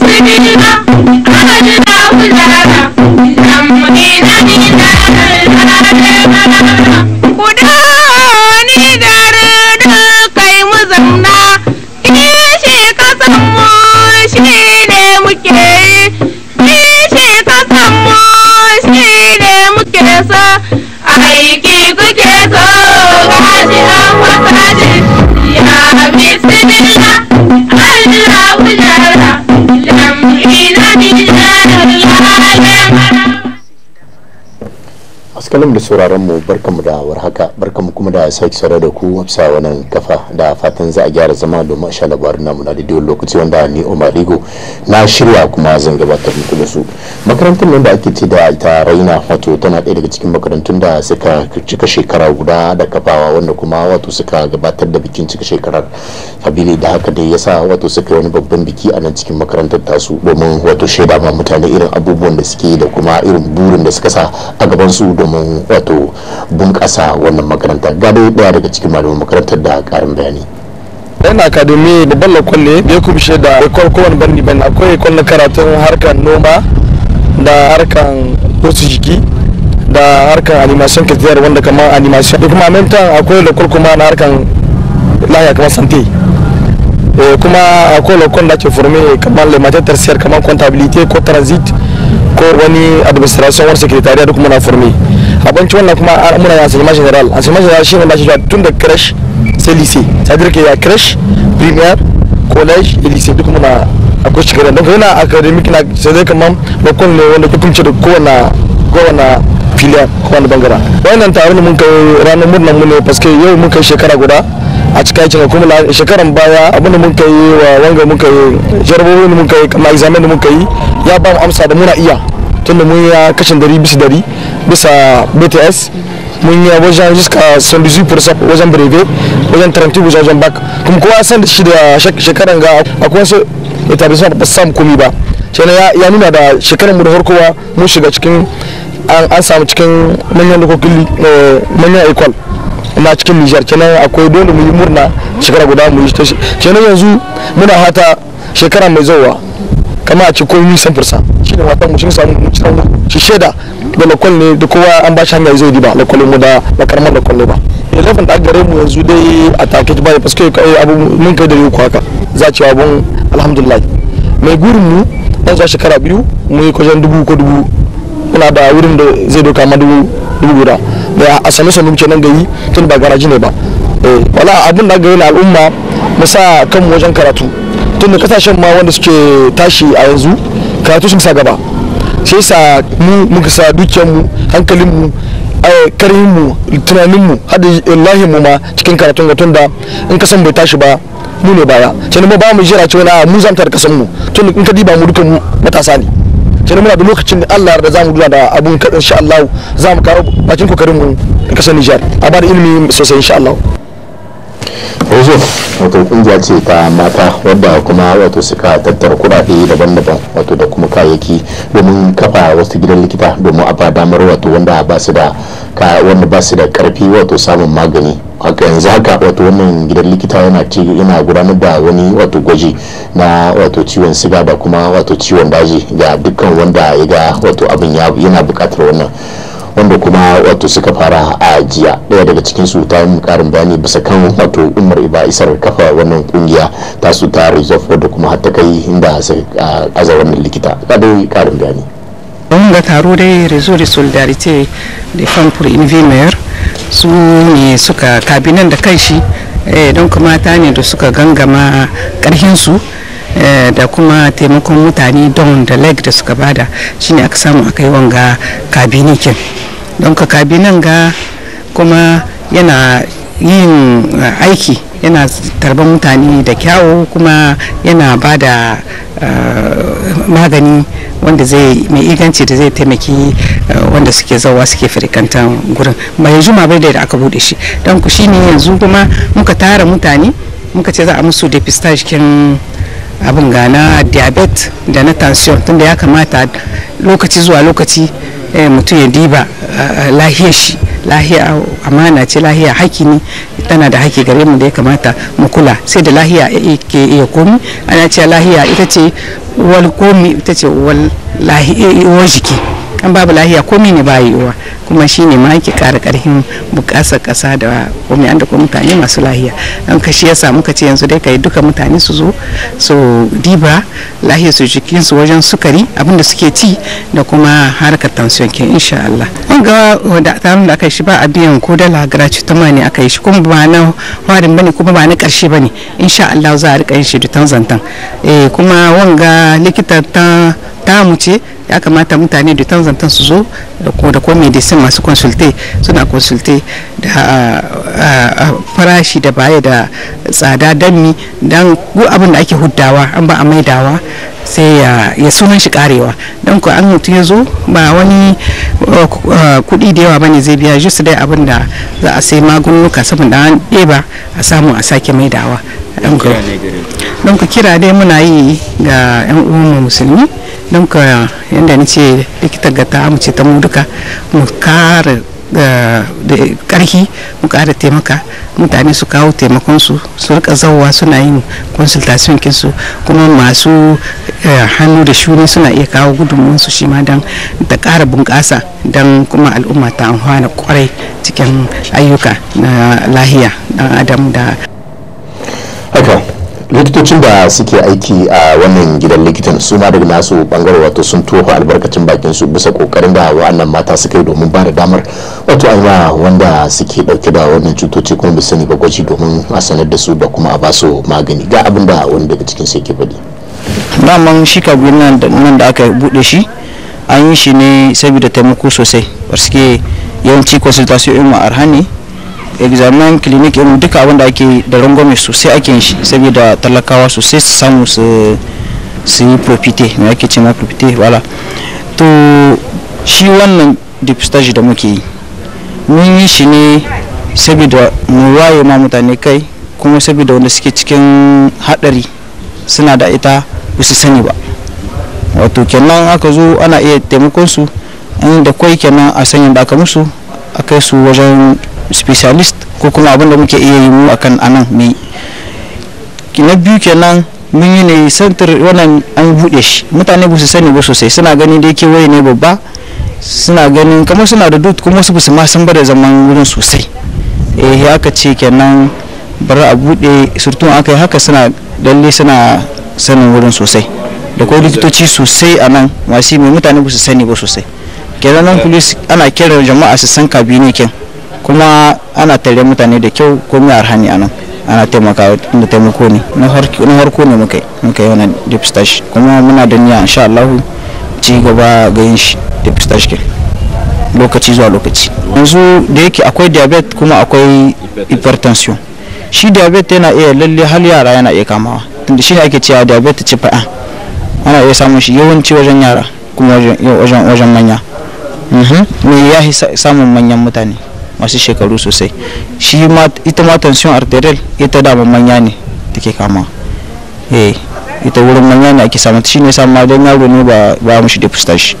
Kuda malam da sauraron mu barkamu da warhaka barkamu kuma da sake saurare da ku bisa wannan kafa da fatan za a gyara zama domin sha labarin namu na daidai lokaci wanda ni Omar Rigo na shirya kuma zan gabatar muku da su makarantar nan da ake ci da ita Raina wato tana ɗaya daga cikin makarantun da suka cika shekara guda da kafawa wanda kuma wato suka gabatar da bikin cika shekarar kabili da haka dai yasa wato suka wani babban biki a nan cikin makarantar tasu domin wato shaida ma mutane irin abubuwan da suke da kuma irin burin da suka sa a gaban su domin wato bunƙasa wannan makaranta ga dai daya daga cikin malaman makarantar da ƙarin bayani yan akademi babban lokal ne da ya kumshe da ekol kowane bandi bane akwai ekol na karatun harkar noma da harkar wasu jiki da harkar animation ka ziyar wanda kamar animation da kuma mentan akwai lokal kuma na harkar lahiya kamar sante eh, kuma akwai lokal da ke furme kamar lematar tarsiyar kamar contabilité ko transit ko wani administration war secretariat duk muna furme banci wannan kuma al'amura ya asirma general asirma general shine ba shi zuwa tun da crash sai lise ta dirke ya crash premier college da lise duk muna akwai shigar don yana academic na sai zai kamar bakon ne wanda hukunci da kowane kowane filiyar kowane bangara wannan taron mun kai ranar murnan mu ne paske yau mun kai shekara guda a cikin aikin kuma shekaran baya abinda mun kai wa wanga mun kai jarabawoyin mun kai kamar examen mun kai ya ba mu amsa da muna iya tunda mun yi kashin dari bisa dari bisa bts mun yi wajen jiska son bizu fursa wajen breve wajen tarantibu wajen bak kuma kowa san da shi da shekaran ga akwai wasu etablissement ba sam komi ba shi ya nuna da shekaran mu da harkowa mun shiga cikin an samu cikin manyan dokokin eh, manyan ecole na cikin nijar kenan akwai dole mu yi murna shekara guda mu yi ta shi yanzu muna hata shekara mai zauwa kama a ci komi san fursa shi ne matan mu shi samu mu cire shi sheda da lokal ne da kowa an ba shi hanyar zai ba lokalin mu da na karamar lokal ne ba elefant da gare mu yanzu dai a take ba parce que kai abu mun kai da yau haka za ci abun alhamdulillah mai gurin mu dan zuwa shekara biyu mu yi kwajen dubu ko dubu muna da wurin da zai doka ma dubu dubu guda da a sami sanu nan gari tun ba garaji ne ba eh, wala abin da gari na al'umma mu sa kanmu wajen karatu tun da kasashen ma wanda suke tashi a yanzu karatu sun sa gaba shi yasa mu muka sa dukiyar mu hankalin mu karin eh, mu tunanin mu hada wallahi mu ma cikin karatun ga tunda in kasan bai tashi ba mu ne baya sai mu ba mu jira cewa na mu zamta da kasan mu tun in ka diba mu dukan mu matasa ne sai muna da lokacin da Allah da zamu dura da abun kadan insha Allah zamu karo bakin kokarin mu da kasan Nijar a ba da ilimi sosai insha Allah ozo wato kungiya ce ta mata wadda kuma wato suka tattara kuɗaɗe daban-daban wato da kuma kayayyaki domin kafa wasu gidan likita domin a ba damar wato wanda ba su da wanda ba su da karfi wato samun magani haka yanzu haka wato wannan gidan likita yana yana gudanar da wani wato gwaji na wato ciwon siga da kuma wato ciwon daji ga dukkan wanda ya ga wato abin yana bukatar wannan wanda kuma wato suka fara a jiya daya daga cikin su ta yi karin bayani bisa kan wato umar iba isar kafa wannan kungiya ta su ta resolve wadda kuma har kai inda sai aza wannan likita yi karin bayani wanga taro dai rezo de solidarite de femme in une su ne suka kabinan da shi eh, don kuma ta ne da suka gangama karhinsu su Eh, da kuma taimakon mutane don da leg da suka bada shine aka samu aka yi wanga kabinikin don ka kabinan ga kuma yana yin eh, aiki yana tarban mutane da kyawu kuma yana ba da eh, magani wanda zai mai inganci da zai taimaki wanda suke zauwa suke firikantar gurin ba yanzu ma bai da aka bude shi don ku shine yanzu kuma muka tara mutane muka ce za a musu depistage kin abin gana diabetes da na tension tunda ya kamata lokaci zuwa lokaci eh, mutum ya diba eh, lahiyar shi lahiya amana ce lahiya haki ne tana da haki gare mu da ya kamata mu kula sai da lahiya ke iya komi ana ce lahiya ita ce wal komi ita ce wal eh, jiki an babu lahiya komai ne ba yiwuwa kuma shi ne ma yake ƙara bukasar kasa da komai an da kuma mutane masu lahiya an ka shi yasa muka ce yanzu dai kai duka mutane su zo su diba lahiya su jikin su wajen sukari abin da suke ci da kuma harkar tansiyon ke insha Allah an ga da taron da aka shi ba a biyan ko dala gratuitama ne aka yi shi kuma ba na harin bane kuma ba na karshe bane insha Allah za a rika yin shi da tanzantan eh kuma wanga likita ta mu ce ya kamata mutane da tanzantan su zo da ko medicine masu consulte suna consulte da farashi da baya da tsada danni don abin da ake huddawa an ba a maidawa sai ya sunan shi karewa don ku an mutu ya ba wani kuɗi da yawa bane zai biya just dai abin da za a sai magunguka saboda an ɗeba a samu a sake maidawa don ku kira dai muna yi ga 'yan uwan musulmi don ka yadda na ce likita gata ta amince ta mu duka mu kara da karhi mu kara taimaka mutane su kawo taimakon su su rika zauwa suna yin consultation kinsu kuma masu eh, hannu da shuni suna iya kawo gudunmuwan su shi ma don ta kara bunƙasa don kuma al'umma ta amfana kwarai cikin ayyuka na lahiya dan adam da haka likitocin da suke aiki a wannan gidan likitan su ma daga nasu bangare wato sun toho albarkacin bakin su bisa kokarin da wa'annan mata suka yi domin ba da damar wato aiwa wanda suke dauke da wannan cutoci kuma bisa ne gwaji domin a sanar da su da kuma a basu magani ga abin da wani daga cikin su yake faɗi. daman shi kabin nan da aka buɗe shi an yi shi ne saboda taimako sosai parce yawanci consultation in ma'arha ne examen clinic in duka abin da ake da rangwame sosai ake shi saboda talakawa sosai su samu su yi profite na ake ce ma profite wala to shi wannan dipstage da muke yi mun yi shi ne saboda mu waye ma mutane kai kuma saboda wanda suke cikin hadari suna da ita ba su sani ba wato kenan aka zo ana iya taimakon su da kwai kenan a sanya da aka musu a kai su wajen specialist ko kuma abin da muke iya yi mu akan anan ki na biyu kenan mun yi ne santar wannan an buɗe shi mutane ba su sani ba sosai suna gani dai waye ne babba suna ganin kamar suna da dut kuma su ma sun bada zaman wurin sosai eh haka ce kenan bari a buɗe surtun aka yi haka suna dalle suna sanin wurin sosai da kuma likitoci sosai a nan masu mai mutane ba su sani ba sosai kenan nan ana kiran jama'a su san kabine kuma ana tare mutane da kyau komai arhani a nan ana taimaka da taimako ne na harko ne muka yi muka wannan deep stash kuma muna da niyya insha Allah ci gaba ga yin shi deep stash ke lokaci zuwa lokaci yanzu da yake akwai diabetes kuma akwai hypertension shi diabetes yana iya lalle hal yara yana iya kamawa tunda shi ne ake cewa diabetes ci fa'a ah, ana iya samun shi yawanci wajen yara kuma wajen manya mai mhm. ya samun manyan mutane masu shekaru sosai shi ita ma tension arterial ita dama manya ne take kama eh ita wurin manya ne ake samu shi ne samu don yaro ne ba ba mushi da fustashi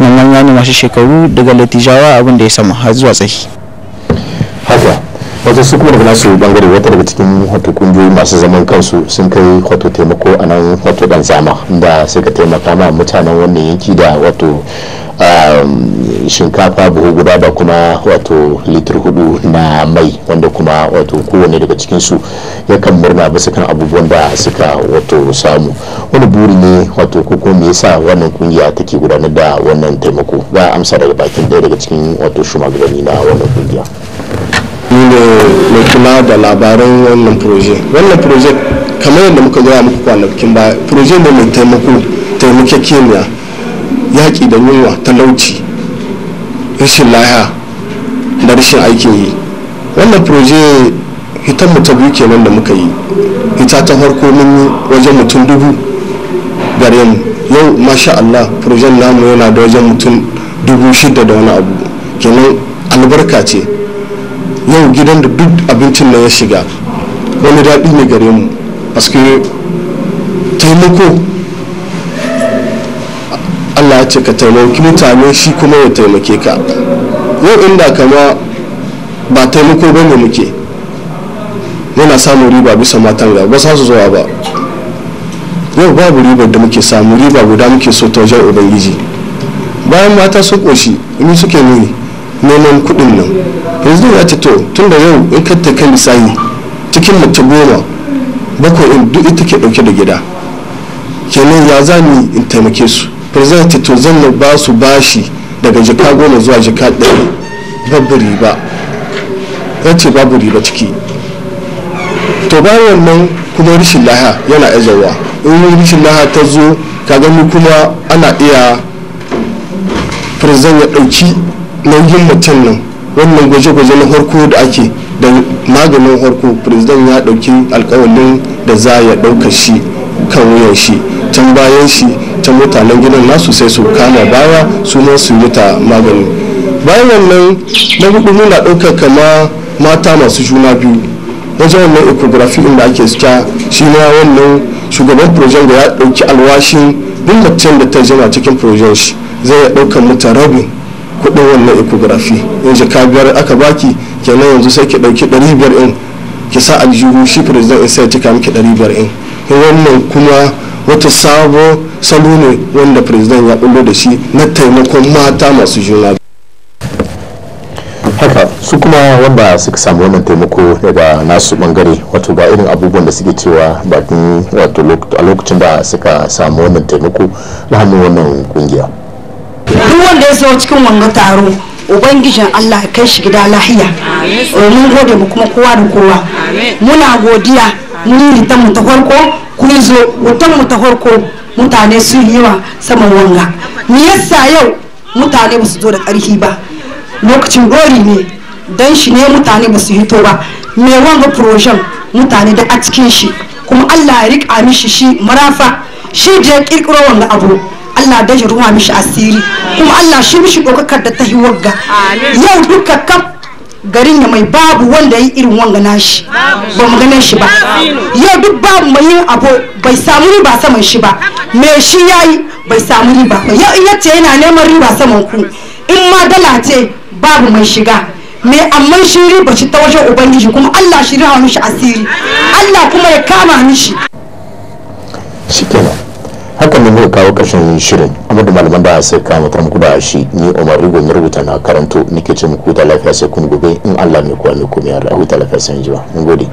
na manya ne masu shekaru daga latijawa abin da ya sama har zuwa tsaki haka wajen su kuma nasu bangare wata daga cikin wato kungiyoyi masu zaman kansu sun kai wato taimako a nan wato dan zama da suka taimaka ma mutanen wannan yanki da wato um, shinkafa buhu guda da kuma wato litir hudu na mai wanda kuma wato kowane daga cikinsu yakan murna bisa kan abubuwan da suka wato samu wani buri ne wato ko me yasa wannan kungiya take gudanar da wannan taimako ga amsa daga bakin daya daga cikin wato shugabanni na wannan kungiya ni ne mai kula da labaran wannan proje wannan proje kamar yadda muka gaya muku kwanakin baya proje ne mai taimako taimakekeniya yaƙi da yunwa talauci rashin lahiya da rashin aikin yi wannan proje hitan mu ta biyu kenan da muka yi ita ta farko mun wajen mutum dubu gare mu yau masha Allah projen namu yana da wajen mutum dubu shida da wani abu kenan albarka ce yau gidan da duk abincin nan ya shiga wani daɗi ne gare mu taimako a ce ka taimaki mutane shi kuma ya taimake ka yau inda kama ba taimako ba ne muke yana samun riba bisa matan ga ba su zuwa ba yau babu ribar da muke samu riba guda muke so ta wajen ubangiji bayan mata su koshi in suke nuni neman kudin nan yanzu ya ce to tun da yau in ka kan misali cikin mace goma bakwai in duk ita ke dauke da gida kenan ya zani in taimake su to zan zallo ba su bashi daga jika goma zuwa jika ɗaya babu riba ya ce babu riba ciki to bayan nan kuma rishin laha yana izawa in rishin laha ta zo ka gani kuma ana iya firzan ya ɗauki nauyin mutum nan wannan gwaje-gwaje na harko da ake da maganin harko firzan ya ɗauki alkawalin da za ya ɗauka shi kan wuyan shi can bayan shi ta mutanen gidan nasu sai su kama baya su ma su yi ta magani bayan wannan na hudu muna ɗaukar kama mata masu juna biyu wajen wannan ecography inda ake suka shi na wannan shugaban projen da ya ɗauki alwashin duk da ta jima cikin projen shi zai ya ɗaukar mutan rabin kuɗin wannan ecography ji ka biyar aka baki kenan yanzu sai ki ɗauki ɗari biyar in ki sa aljihu shi president in sai ya cika miki ɗari biyar in wannan kuma wata sabo salo ne wanda president ya bullo da shi na taimakon mata masu juna haka su kuma wanda suka samu wannan taimako daga nasu bangare wato ga irin abubuwan da suke cewa bakin wato a lokacin da suka samu wannan taimako na hannun wannan kungiya duk wanda ya zo cikin wanga taro ubangijin allah kai shi gida lahiya mun gode mu kuma kowa da kowa muna godiya mun yi ta mu ta farko kun zo mutum mu ta farko mutane sun yiwa yawa saman wanga me yasa yau mutane ba su zo da ƙarfi ba lokacin gori ne dan shi ne mutane ba su hito ba me wanga projen mutane da a cikin shi kuma Allah ya rika mishi shi marafa shi je kirkiro wanga abu Allah da shi ruwa mishi asiri kuma Allah shi mishi dokakar da ta hiwar wagga yau duka kaf garin ya mai babu wanda ya irin wanga nashi ba mu ganin shi ba yau duk babu mai yin abu bai samu riba saman shi ba me shi yayi bai samu riba ba yau in yace yana neman riba saman ku in ma dala ce babu mai shiga me amma shi riba shi ta wajen ubangiji kuma Allah shi rawa mishi asiri Allah kuma ya kama mishi shikenan haka ne muka kawo kashin shirin damar da malaman da sai ka mutar muku da shi ni Umar Rigo na rubuta na karanto nike ce muku da lafiya sai kun gobe in Allah mai kuwa mai komai Allah huta lafiya sai ji mun gode